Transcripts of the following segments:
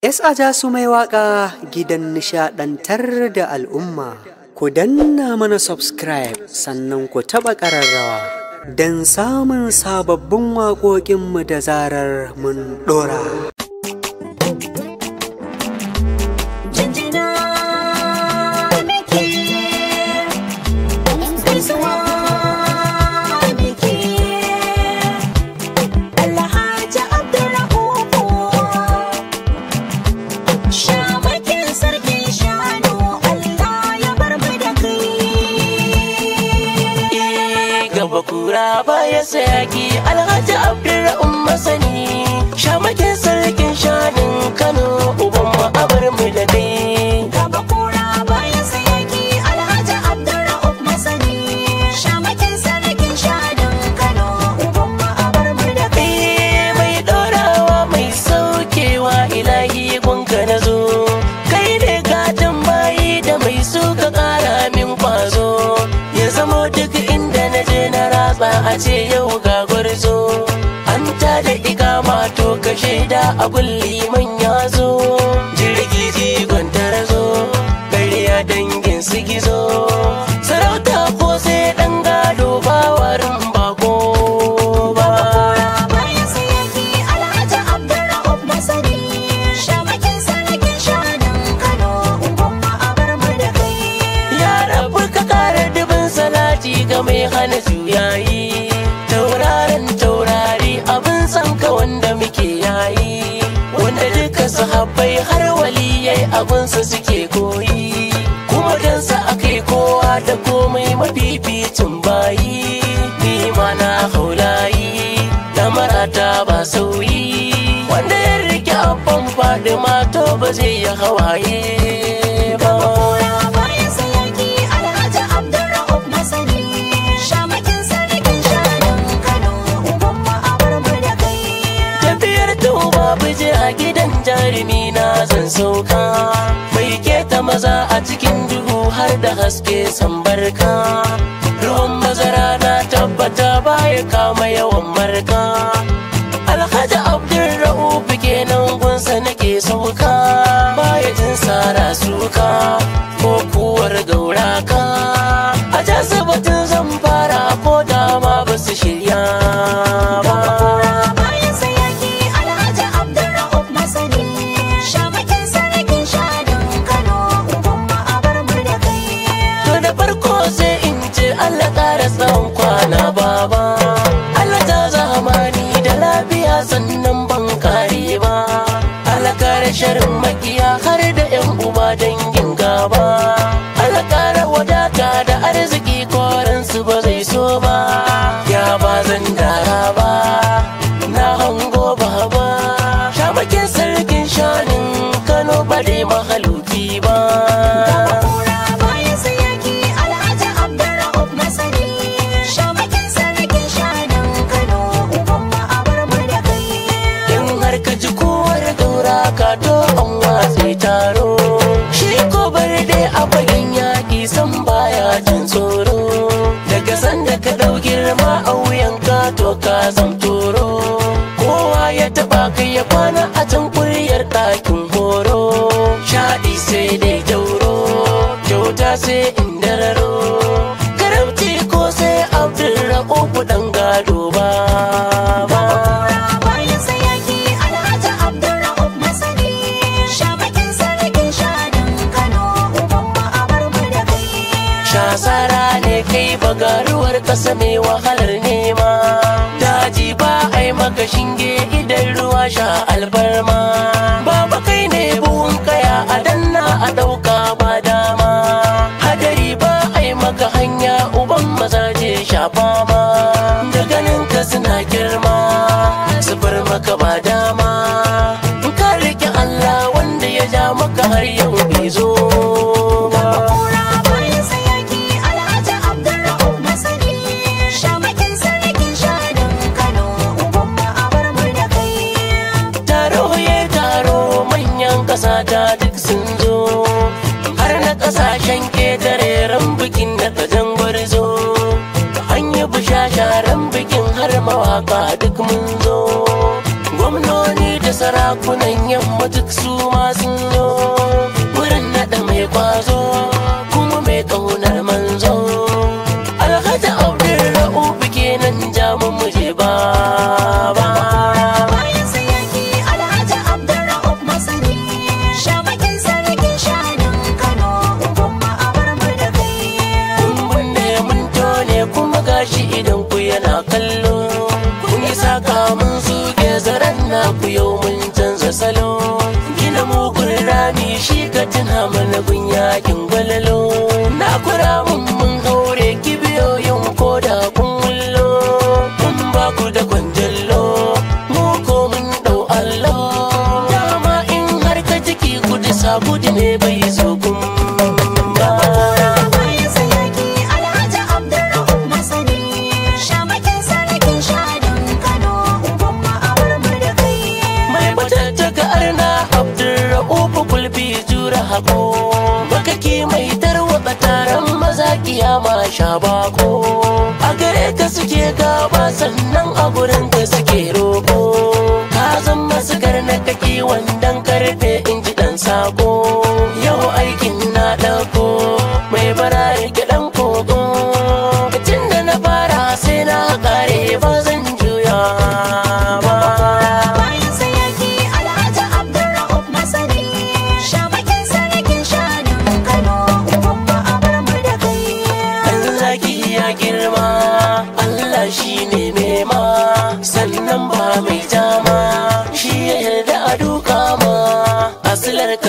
Yes, aja su mai waƙa gidan nishadantar da al'umma. Ku danna mana subscribe sannan ku taɓa ƙararrawa don samun sababbin waƙoƙinmu da zarar mun ɗora. ce yau ga gwarzo an ta da ikama to ka shaida a liman ya zo jirgi gwantar zo gari ya dangin su gizo wanda duka sahabbai har wali waliyai abinsa suke koyi kuma dansa akai kowa da komai mafificin bayi ni ma na haulayi marata ba sauyi wanda ya rike abban faɗi mato ba zai yi hawaye sauka bai keta maza a cikin duhu har da haske sambarka ruwan mazara na tabbata baya kama yawan marka ba Allah alata zamani da lafiya sannan ban kare ba alakare sharin makiya har da yan uba dangin gaba alakare wadata da arziki ka zan turo kowa ya taba kai ya kwana a can ƙuryar ɗakin horo shaɗi sai dai jauro kyauta sai in albarma baba kai ne buhun kaya a danna a ɗauka ba dama hadari ba ai maka hanya uban mazaje shafa haka duk mun zo gwamnoni da sarakunan yamma duk su ma sun tana mana gun yakin gwalala hako baka ke mai tarwa taron maza kiyama sha bako a gare ka suke gaba sannan a gurin ka suke roko ka zama su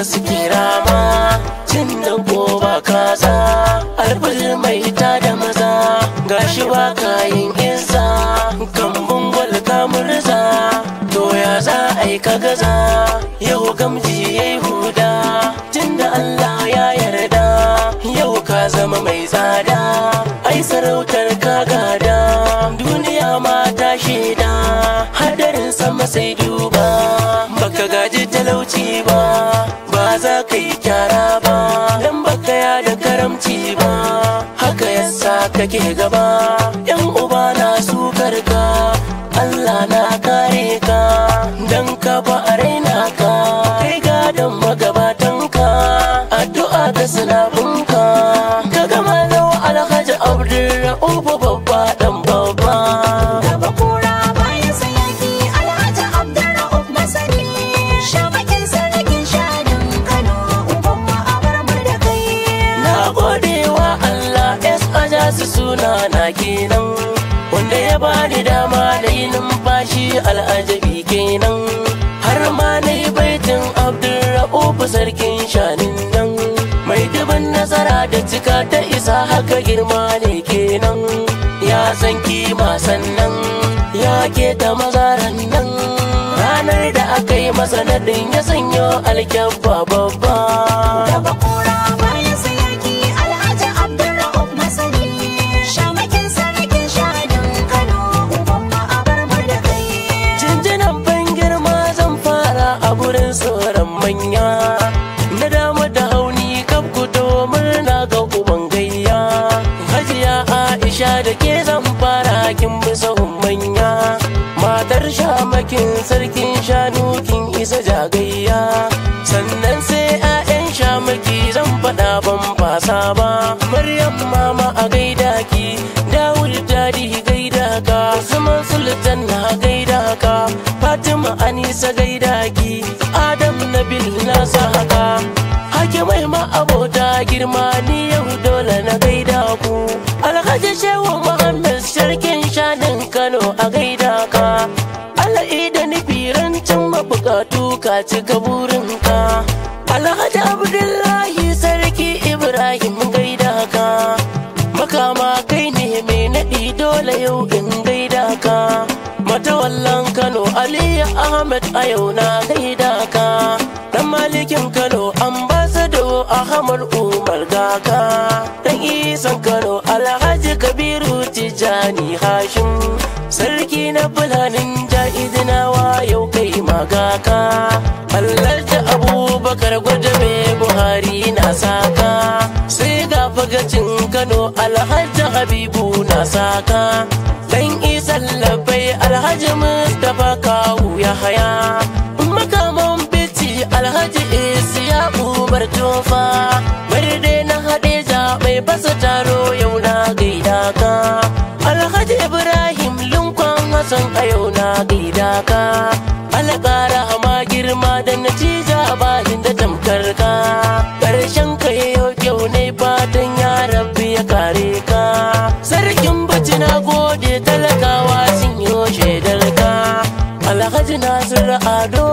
ka suke rama cin da ba kaza alfajir mai ita da maza gashi ba kayan insa kambun gwal ka murza to ya za a yi ka gaza yau gamji ya yi huda Cin da Allah ya yarda yau ka zama mai tsada ai sarautar ka gada duniya ma ta shaida hadarin sama sai duba baka gaji talauci ba za ka yi kyara ba dan baka ya da karamci ba haka yasa kake gaba yan uba na su ka Allah na kare ka dan ka ba a raina ka kai gadon magabatan ka addu'a ta sinabin ka ka gama zau alhaji abdul babba da cika ta isa haka girma ne kenan ya san kima sannan ya ke ta mazaran nan ranar da aka yi masa nadin ya sanyo alkyabba babba Saba maryam mama a gaida ki dawud dadi gaida ka zaman sultan na gaida ka fatima anisa gaida ki adam nabil na saka hake mai ma abota girma ni yau dole na gaida ku alhaji shehu muhammad sarkin shanin kano a gaida ka ala'i da nufi rancen mabukatu ka ci gaburinka alhaji abdullahi Ahmed a yau na gaida ka dan malikin Kano ambassador Ahmad Umar Gaka dan isan Kano Alhaji Kabiru Tijani Hashim sarki na fulanin wa yau kai magaka Allah Abubakar gwada Buhari na saka sai ga fagacin Kano Alhaji Habibu na saka dan isan labbai Alhaji yahaya makamun biti alhaji ya ubar tofa barde na za mai basa taro yau na gaida ka alhaji ibrahim linkon hassan a yau na gaida ka alƙara ma girma da natija bayin da tamkar ka ƙarshen ka yau ne fatan ya rabbi ya kare ka sarkin bacci na gode talakawa alhaji nasiru ado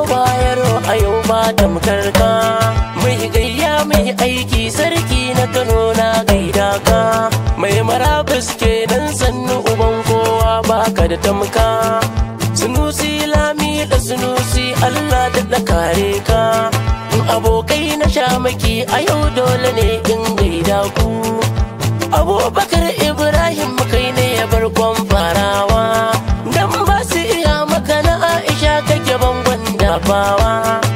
yaro a yau ba tamkar ka mai gayya mai aiki sarki na kano na gaida ka mai marabus nan sannu uban kowa baka da tamka sunusi lami da sunusi allah da kare ka abokai na sha maki a yau dole ne in gaida ku abubakar ibrahim kai ne ya bar farawa tabawa